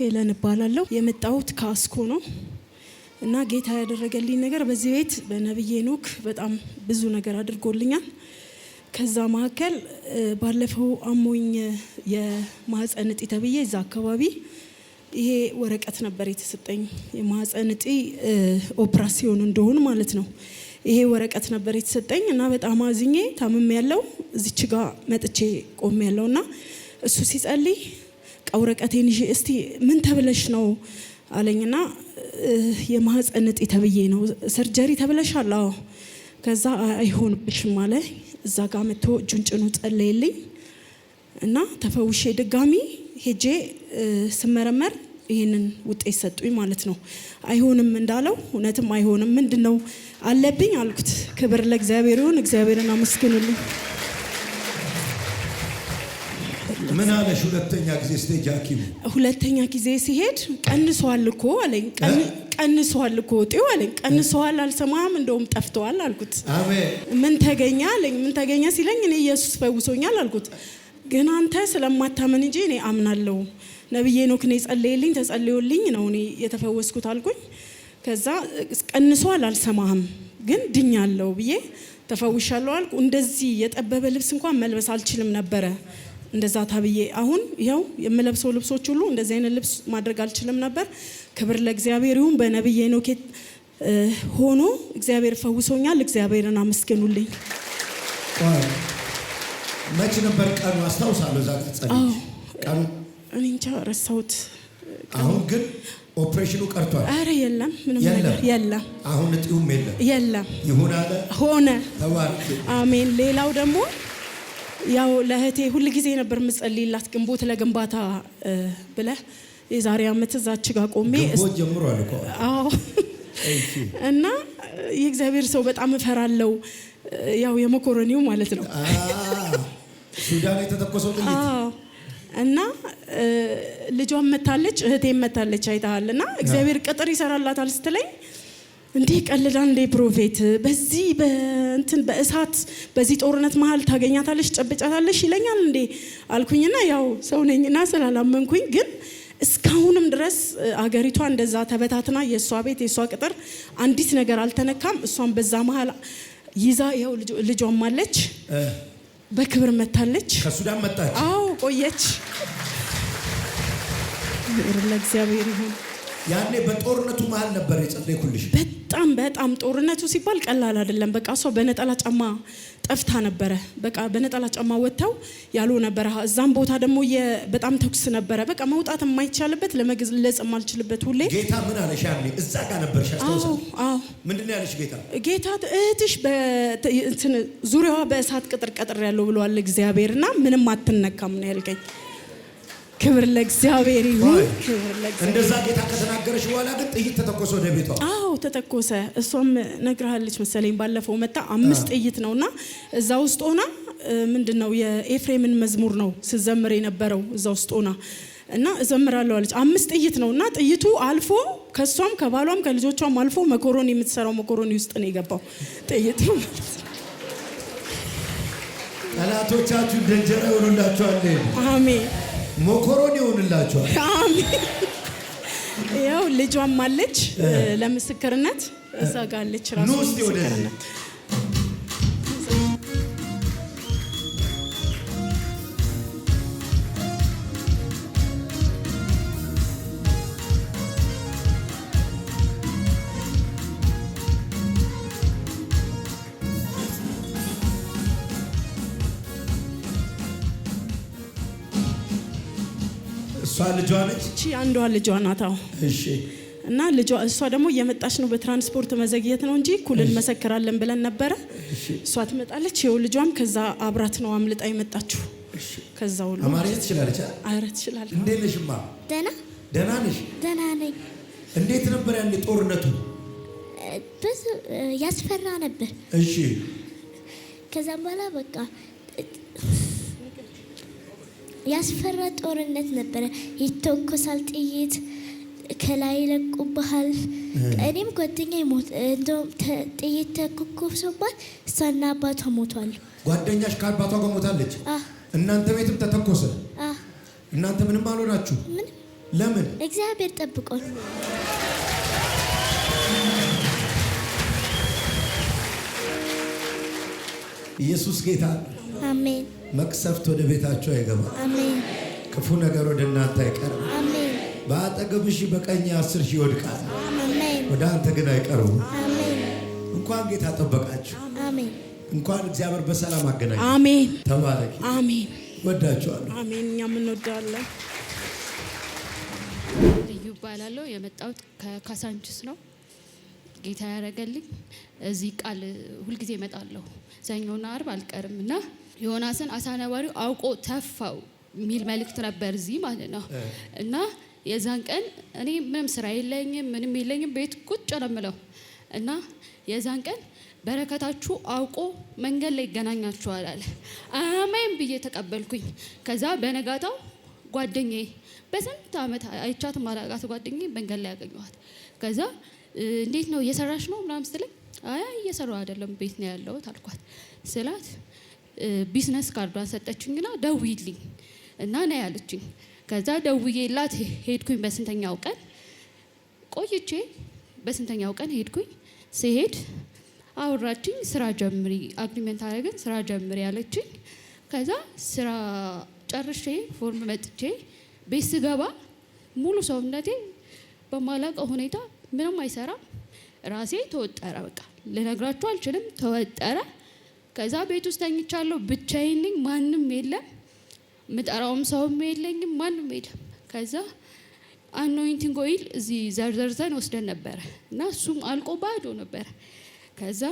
ሄለን እባላለሁ። የመጣሁት ካስኮ ነው እና ጌታ ያደረገልኝ ነገር በዚህ ቤት በነብዬ ኖክ በጣም ብዙ ነገር አድርጎልኛል። ከዛ መካከል ባለፈው አሞኝ የማህፀን እጢ ተብዬ እዛ አካባቢ ይሄ ወረቀት ነበር የተሰጠኝ። የማህፀን እጢ ኦፕራሲዮን እንደሆን ማለት ነው። ይሄ ወረቀት ነበር የተሰጠኝ እና በጣም አዝኜ ታምም ያለው እዚች ጋር መጥቼ ቆም ያለው እና እሱ ሲጸልይ ወረቀቴን ይዤ እስቲ ምን ተብለሽ ነው አለኝና የማህፀን እጢ ተብዬ ነው ሰርጀሪ ተብለሻል። አዎ ከዛ አይሆንብሽም አለ። እዛ ጋር መጥቶ እጁን ጭኑ ጸለየልኝ እና ተፈውሼ ድጋሚ ሄጄ ስመረመር ይህንን ውጤት ሰጡኝ ማለት ነው። አይሆንም እንዳለው እውነትም አይሆንም። ምንድን ነው አለብኝ አልኩት። ክብር ለእግዚአብሔር ይሁን። እግዚአብሔርን አመስግንልኝ ምን አለሽ? ሁለተኛ ጊዜ ስቴጅ ሐኪሙ ሁለተኛ ጊዜ ሲሄድ ቀንሷል እኮ አለኝ። ቀንሷል እኮ ጤው አለኝ። ቀንሷል አልሰማህም፣ እንደውም ጠፍተዋል አልኩት። ምን ተገኘ አለኝ። ምን ተገኘ ሲለኝ እኔ ኢየሱስ ፈውሶኛል አልኩት። ግን አንተ ስለማታመን እንጂ እኔ አምናለሁ ነብዬ ኖክ እኔ ጸለየልኝ ተጸልዮልኝ ነው እኔ የተፈወስኩት አልኩኝ። ከዛ ቀንሷል አልሰማህም፣ ግን ድኛለሁ ብዬ ተፈውሻለሁ አልኩ። እንደዚህ የጠበበ ልብስ እንኳን መልበስ አልችልም ነበረ እንደዛ ታብዬ አሁን ይኸው የምለብሰው ልብሶች ሁሉ እንደዚህ አይነት ልብስ ማድረግ አልችልም ነበር። ክብር ለእግዚአብሔር ይሁን። በነብዬ ሄኖክ ሆኖ እግዚአብሔር ፈውሶኛል። እግዚአብሔርን አመስግኑልኝ። መች ነበር ቀኑ? አስታውሳለሁ። ዛ ቀኑ እኔ እንጃ ረሳሁት። አሁን ግን ኦፕሬሽኑ ቀርቷል። አረ የለም፣ ምንም ነገር የለም። አሁን እጢውም የለም፣ የለም። ይሁን አለ ሆነ። አሜን። ሌላው ደግሞ ያው ለእህቴ ሁል ጊዜ ነበር ምጸልይላት ግንቦት ለግንባታ ብለ የዛሬ አመት እዛች ጋ ቆሜ እና የእግዚአብሔር ሰው በጣም እፈራለው። ያው የመኮረኒው ማለት ነው ሱዳን የተተኮሰው እና ልጇን መታለች፣ እህቴ መታለች አይተሃል። እና እግዚአብሔር ቅጥር ይሰራላታል ስትለኝ እንዲህ ቀልዳ እንዴ ፕሮፌት በዚህ በእንትን በእሳት በዚህ ጦርነት መሀል ታገኛታለሽ ጨብጫታለሽ ይለኛል እንዴ አልኩኝና ያው ሰው ነኝና ስላላመንኩኝ ግን እስካሁንም ድረስ አገሪቷ እንደዛ ተበታትና የእሷ ቤት የእሷ ቅጥር አንዲት ነገር አልተነካም። እሷን በዛ መሀል ይዛ ይኸው ልጇም አለች በክብር መታለች። ከሱዳን መጣች። አዎ ቆየች። ለእግዚአብሔር ይሁን። ያኔ በጦርነቱ መሀል ነበር የጸለይኩልሽ። በጣም በጣም ጦርነቱ ሲባል ቀላል አይደለም። በቃ እሷ በነጠላ ጫማ ጠፍታ ነበረ። በቃ በነጠላ ጫማ ወጥተው ያሉ ነበረ። እዛም ቦታ ደግሞ በጣም ተኩስ ነበረ። በቃ መውጣት የማይቻልበት ለመግለጽ የማልችልበት ሁሌ ጌታ ምን አለሽ? ያኔ እዛ ጋር ነበርሽ። ምንድን ያለሽ ጌታ? ጌታ እህትሽ ዙሪያዋ በእሳት ቅጥር ቀጥር ያለው ብለዋል እግዚአብሔርና ምንም አትነካም ነው ያልከኝ። ክብር ለእግዚአብሔር ይሁን። እንደዛ ጌታ ከተናገረች በኋላ ግን ጥይት ተተኮሰ ወደ ቤቷ። አዎ ተተኮሰ። እሷም ነግረሃለች መሰለኝ ባለፈው መጣ። አምስት ጥይት ነውና እዛ ውስጥ ሆና ምንድን ነው የኤፍሬምን መዝሙር ነው ስዘምር የነበረው እዛ ውስጥ ሆና እና እዘምራለሁ አለች። አምስት ጥይት ነው እና ጥይቱ አልፎ ከእሷም ከባሏም ከልጆቿም አልፎ መኮሮኒ የምትሰራው መኮሮኒ ውስጥ ነው የገባው ጥይት። ጠላቶቻችሁ ደንጀራ ይሆኑላችኋል። አሜን ሞኮሮኒ ይሆንላችኋል። ያው ልጇም አለች ለምስክርነት እዛ ጋር አለች ራሱ ምስክርነት ልጇ ነች። እቺ አንዷ ልጇ ናት። እሺ እና ልጇ እሷ ደግሞ እየመጣች ነው። በትራንስፖርት መዘግየት ነው እንጂ እኩል እንመሰክራለን ብለን ነበረ። እሷ ትመጣለች። ይኸው ልጇም ከዛ አብራት ነው አምልጣ የመጣችሁ። ከዛ ሁሉ አማርኛ ትችላለች። አረ ትችላለች። እንዴት ነሽ ማ? ደህና ደህና ነሽ? ደህና ነኝ። እንዴት ነበር ያን ጦርነቱ? ብዙ ያስፈራ ነበር። እሺ ከዛም በኋላ በቃ ያስፈራ ጦርነት ነበረ። ይተኮሳል ጥይት ከላይ ይለቁብሃል። እኔም ጓደኛ ሞት እንደውም ጥይት ተኮኮሰባት እሷና አባቷ ሞቷል። ጓደኛሽ ከአባቷ ጋር ሞታለች። እናንተ ቤትም ተተኮሰ። እናንተ ምንም አልሆናችሁ። ለምን? እግዚአብሔር ጠብቆን ኢየሱስ ጌታ መቅሰፍት ወደ ቤታቸው አይገባ። ክፉ ነገር ወደ እናንተ አይቀርም። በአጠገብ ሺ በቀኝ አስር ሺ ይወድቃል፣ ወደ አንተ ግን አይቀርቡ እንኳን ጌታ ጠበቃችሁ። እንኳን እግዚአብሔር በሰላም አገናኝ። አሜን። ተባረክ። አሜን። ወዳችኋለሁ። አሜን። እኛም እንወዳለን። ልዩ እባላለሁ። የመጣሁት ከካሳንችስ ነው። ጌታ ያደረገልኝ እዚህ ቃል ሁልጊዜ እመጣለሁ ሰኞና አርብ አልቀርም እና ዮናስን አሳ አውቆ ተፋው የሚል መልእክት ነበር እዚህ ማለት ነው። እና የዛን ቀን እኔ ምንም ስራ የለኝም ምንም የለኝም ቤት ቁጭ ነው የምለው እና የዛን ቀን በረከታችሁ አውቆ መንገድ ላይ ይገናኛችኋል አለ። አሜን ብዬ ተቀበልኩኝ። ከዛ በነጋታው ጓደኛዬ በስንት ዓመት አይቻት ማላቃት ጓደኛዬ መንገድ ላይ ያገኘኋት። ከዛ እንዴት ነው እየሰራሽ ነው ምናምን ስትለኝ አይ እየሰራሁ አይደለም ቤት ነው ያለሁት አልኳት ስላት ቢዝነስ ካርዷን ሰጠችኝና ደውይልኝ እና ና ያለችኝ። ከዛ ደውዬላት ሄድኩኝ። በስንተኛው ቀን ቆይቼ በስንተኛው ቀን ሄድኩኝ። ስሄድ አወራችኝ። ስራ ጀምሪ፣ አግሪመንት አደረግን፣ ስራ ጀምሪ ያለችኝ። ከዛ ስራ ጨርሼ ፎርም መጥቼ ቤት ስገባ ሙሉ ሰውነቴ በማላውቀው ሁኔታ ምንም አይሰራም። ራሴ ተወጠረ። በቃ ልነግራችሁ አልችልም። ተወጠረ። ከዛ ቤት ውስጥ ተኝቻለሁ። ብቻዬን ነኝ። ማንም የለም። ምጠራውም ሰውም የለኝም። ማንም የለም። ከዛ አኖይንቲንግ ኦይል እዚህ ዘርዘርዘን ወስደን ነበረ እና እሱም አልቆ ባዶ ነበረ። ከዛ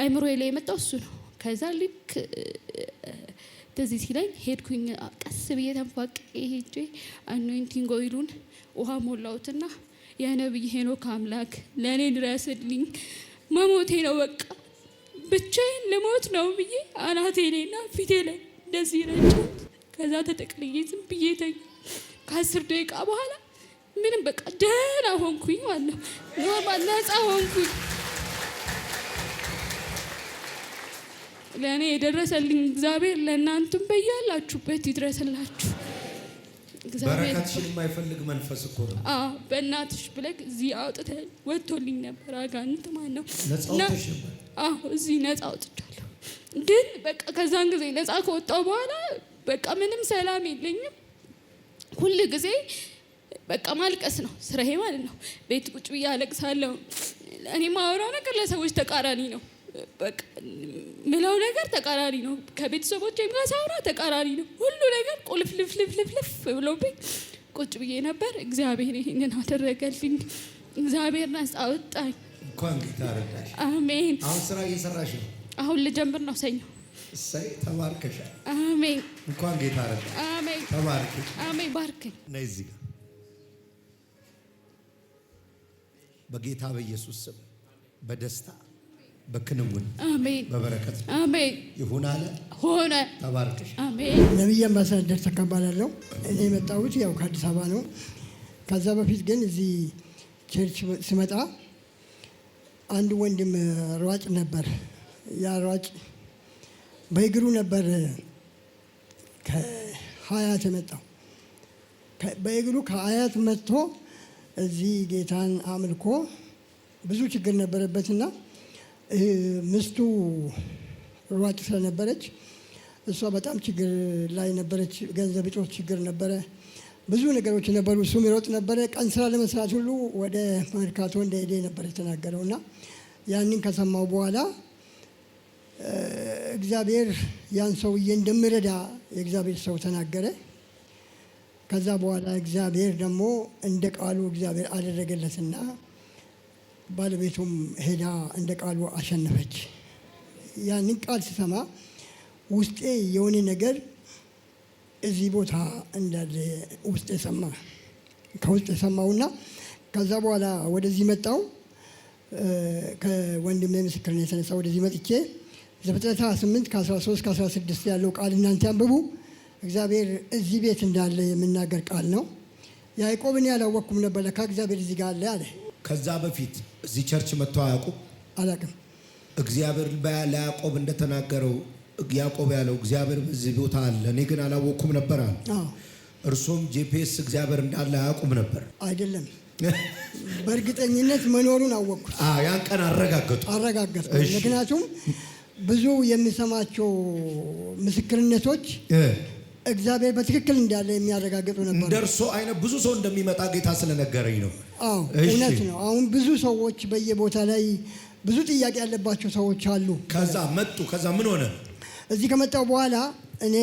አይምሮ ላይ የመጣው እሱ ነው። ከዛ ልክ ትዝ ሲለኝ ሄድኩኝ። ቀስ ብዬ ተንፏቅ ሄጄ አኖይንቲንግ ኦይሉን ውሃ ሞላሁትና የነብይ ሄኖክ አምላክ ለእኔ ድረስልኝ፣ መሞቴ ነው በቃ ብቻዬን ልሞት ነው ብዬ አናቴ ላይና ፊቴ ላይ እንደዚህ ረጨሁት። ከዛ ተጠቅልዬ ዝም ብዬ ተኝ ከአስር ደቂቃ በኋላ ምንም በቃ ደህና ሆንኩኝ ማለት ነው። ኖርማል ነፃ ሆንኩኝ። ለእኔ የደረሰልኝ እግዚአብሔር ለእናንቱም በያላችሁበት ይድረስላችሁ። በረከትሽን የማይፈልግ መንፈስ እኮ ነው። በእናትሽ ብለህ እዚህ አውጥተህ ወጥቶልኝ ነበር አጋንንት ማለት ነው። አሁ እዚህ ነፃ አውጥቻለሁ። ግን በቃ ከዛን ጊዜ ነፃ ከወጣው በኋላ በቃ ምንም ሰላም የለኝም። ሁል ጊዜ በቃ ማልቀስ ነው ስራዬ ማለት ነው። ቤት ቁጭ ብዬ አለቅሳለሁ። እኔ ማወራው ነገር ለሰዎች ተቃራኒ ነው። ምለው ነገር ተቃራኒ ነው። ተቃራኒ ነው። ሁሉ ነገር ብሎብኝ ቁጭ ብዬ ነበር። እግዚአብሔር ይህንን አደረገልኝ። እግዚአብሔር አወጣኝ። እንኳን ጌታ ረዳሽ። አሜን። አሁን ስራ እየሰራሽ ነው። አሁን ልጀምር ነው። ሰኞ እሰይ፣ ተባርከሻል። አሜን። እንኳን ጌታ ረዳሽ። አሜን። ተባርክ። አሜን። ባርከኝ። ነይ እዚህ ጋር በጌታ በኢየሱስ ስም በደስታ በክንውን አሜን፣ በበረከት አሜን። ይሁን አለ ሆነ። አሜን። አምባሳደር እኔ የመጣሁት ያው ከአዲስ አበባ ነው። ከዛ በፊት ግን እዚህ ቸርች ስመጣ አንድ ወንድም ሯጭ ነበር። ያ ሯጭ በእግሩ ነበር ከሀያት የመጣው። በእግሩ ከሀያት መጥቶ እዚህ ጌታን አምልኮ ብዙ ችግር ነበረበትና ምስቱ ሯጭ ስለነበረች እሷ በጣም ችግር ላይ ነበረች። ገንዘብ እጦት ችግር ነበረ። ብዙ ነገሮች ነበሩ። እሱም ይሮጥ ነበረ። ቀን ስራ ለመስራት ሁሉ ወደ መርካቶ እንደሄደ ነበር የተናገረው እና ያንን ከሰማው በኋላ እግዚአብሔር ያን ሰውዬ እንደሚረዳ የእግዚአብሔር ሰው ተናገረ። ከዛ በኋላ እግዚአብሔር ደግሞ እንደ ቃሉ እግዚአብሔር አደረገለትና ባለቤቱም ሄዳ እንደ ቃሉ አሸነፈች። ያንን ቃል ስሰማ ውስጤ የሆነ ነገር እዚህ ቦታ እንዳለ ውስጥ የሰማ ከውስጥ የሰማውና ከዛ በኋላ ወደዚህ መጣው ከወንድሜ ምስክርነት የተነሳ ወደዚህ መጥቼ ዘፍጥረት 8 ከ13 ከ16 ያለው ቃል እናንተ ያንብቡ። እግዚአብሔር እዚህ ቤት እንዳለ የምናገር ቃል ነው። ያዕቆብን ያላወቅኩም ነበር። ለካ እግዚአብሔር እዚህ ጋር አለ አለ። ከዛ በፊት እዚህ ቸርች መጥተው አያውቁም፣ አላውቅም። እግዚአብሔር ለያዕቆብ እንደተናገረው ያዕቆብ ያለው እግዚአብሔር በዚህ ቦታ አለ፣ እኔ ግን አላወቅኩም ነበር አለ። እርሱም ጂፒኤስ እግዚአብሔር እንዳለ አያውቁም ነበር አይደለም። በእርግጠኝነት መኖሩን አወቅኩት። ያን ቀን አረጋገጡ አረጋገጡ። ምክንያቱም ብዙ የሚሰማቸው ምስክርነቶች እግዚአብሔር በትክክል እንዳለ የሚያረጋግጡ ነበር። እንደርሶ አይነት ብዙ ሰው እንደሚመጣ ጌታ ስለነገረኝ ነው። አዎ እውነት ነው። አሁን ብዙ ሰዎች በየቦታ ላይ ብዙ ጥያቄ ያለባቸው ሰዎች አሉ። ከዛ መጡ። ከዛ ምን ሆነ? እዚህ ከመጣው በኋላ እኔ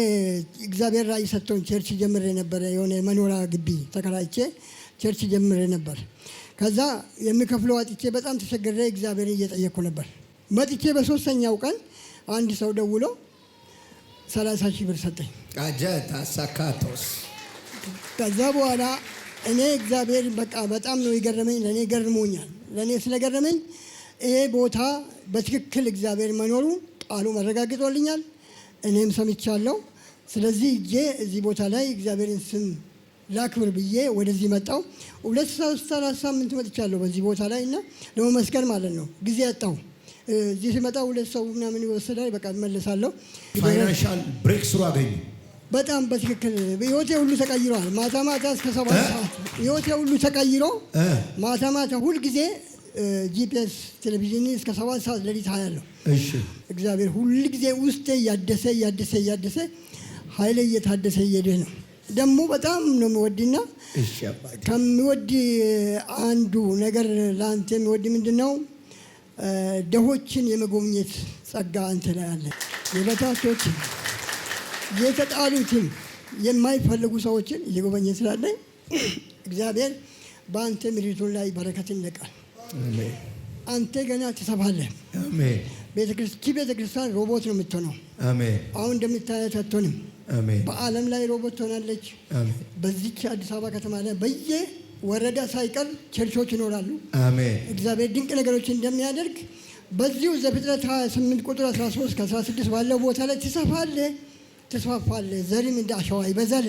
እግዚአብሔር ራእይ ሰጥቶን ቸርች ጀምሬ ነበረ። የሆነ መኖሪያ ግቢ ተከራይቼ ቸርች ጀምሬ ነበር። ከዛ የሚከፍለው አጥቼ በጣም ተቸግሬ እግዚአብሔር እየጠየቅኩ ነበር። መጥቼ በሶስተኛው ቀን አንድ ሰው ደውሎ ሰላሳ ሺህ ብር ሰጠኝ። አጀት አሳካቶስ። ከዛ በኋላ እኔ እግዚአብሔር በቃ በጣም ነው የገረመኝ። ለእኔ ገርሞኛል። ለእኔ ስለገረመኝ ይሄ ቦታ በትክክል እግዚአብሔር መኖሩ ቃሉ መረጋግጦልኛል። እኔም ሰምቻለሁ። ስለዚህ እጄ እዚህ ቦታ ላይ እግዚአብሔርን ስም ላክብር ብዬ ወደዚህ መጣው። ሁለት ሶስት አራት ሳምንት መጥቻለሁ በዚህ ቦታ ላይ እና ለመመስገን ማለት ነው ጊዜ ያጣው እዚህ ሲመጣ ሁለት ሰው ምናምን ይወስዳል። በቃ መለሳለሁ። ፋይናንሻል ብሬክ ስሩ አገኙ። በጣም በትክክል ህይወቴ ሁሉ ተቀይሯል። ማታ ማታ እስከ ሰባት ሰዓት ህይወቴ ሁሉ ተቀይሮ ማታ ማታ ሁልጊዜ ጂፒኤስ ቴሌቪዥን እስከ ሰባት ሰዓት ሌሊት አያለሁ። እግዚአብሔር ሁል ጊዜ ውስጤ እያደሰ እያደሰ እያደሰ ኃይሌ እየታደሰ እየሄድህ ነው። ደግሞ በጣም ነው የሚወድና ከሚወድ አንዱ ነገር ለአንተ የሚወድ ምንድን ነው? ደሆችን የመጎብኘት ጸጋ አንተ ላይ አለ። የበታቾችን የተጣሉትን የማይፈልጉ ሰዎችን እየጎበኘ ስላለ እግዚአብሔር በአንተ ምድሪቱን ላይ በረከት ይለቃል። አንተ ገና ትሰፋለህ። ቤተክርስቲ ቤተክርስቲያን ሮቦት ነው የምትሆነው። አሁን እንደምታያት አትሆንም። በዓለም ላይ ሮቦት ትሆናለች። በዚች አዲስ አበባ ከተማ ላይ በየ ወረዳ ሳይቀር ቸርቾች ይኖራሉ። እግዚአብሔር ድንቅ ነገሮች እንደሚያደርግ በዚሁ ዘፍጥረት 28 ቁጥር 13 ከ16 ባለው ቦታ ላይ ትሰፋለ ትስፋፋለህ ዘሪም እንደ አሸዋ ይበዛል።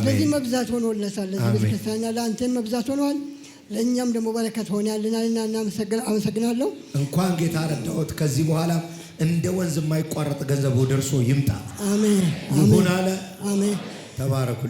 ስለዚህ መብዛት ሆኖ ለዚህ ቤተክርስቲያንና ለአንተን መብዛት ሆነዋል። ለእኛም ደግሞ በረከት ሆነልናልና አመሰግናለሁ። እንኳን ጌታ ረዳሁት። ከዚህ በኋላ እንደ ወንዝ የማይቋረጥ ገንዘቡ ደርሶ ይምጣ። አሜን። ይሁን አለ። አሜን። ተባረኩልኝ።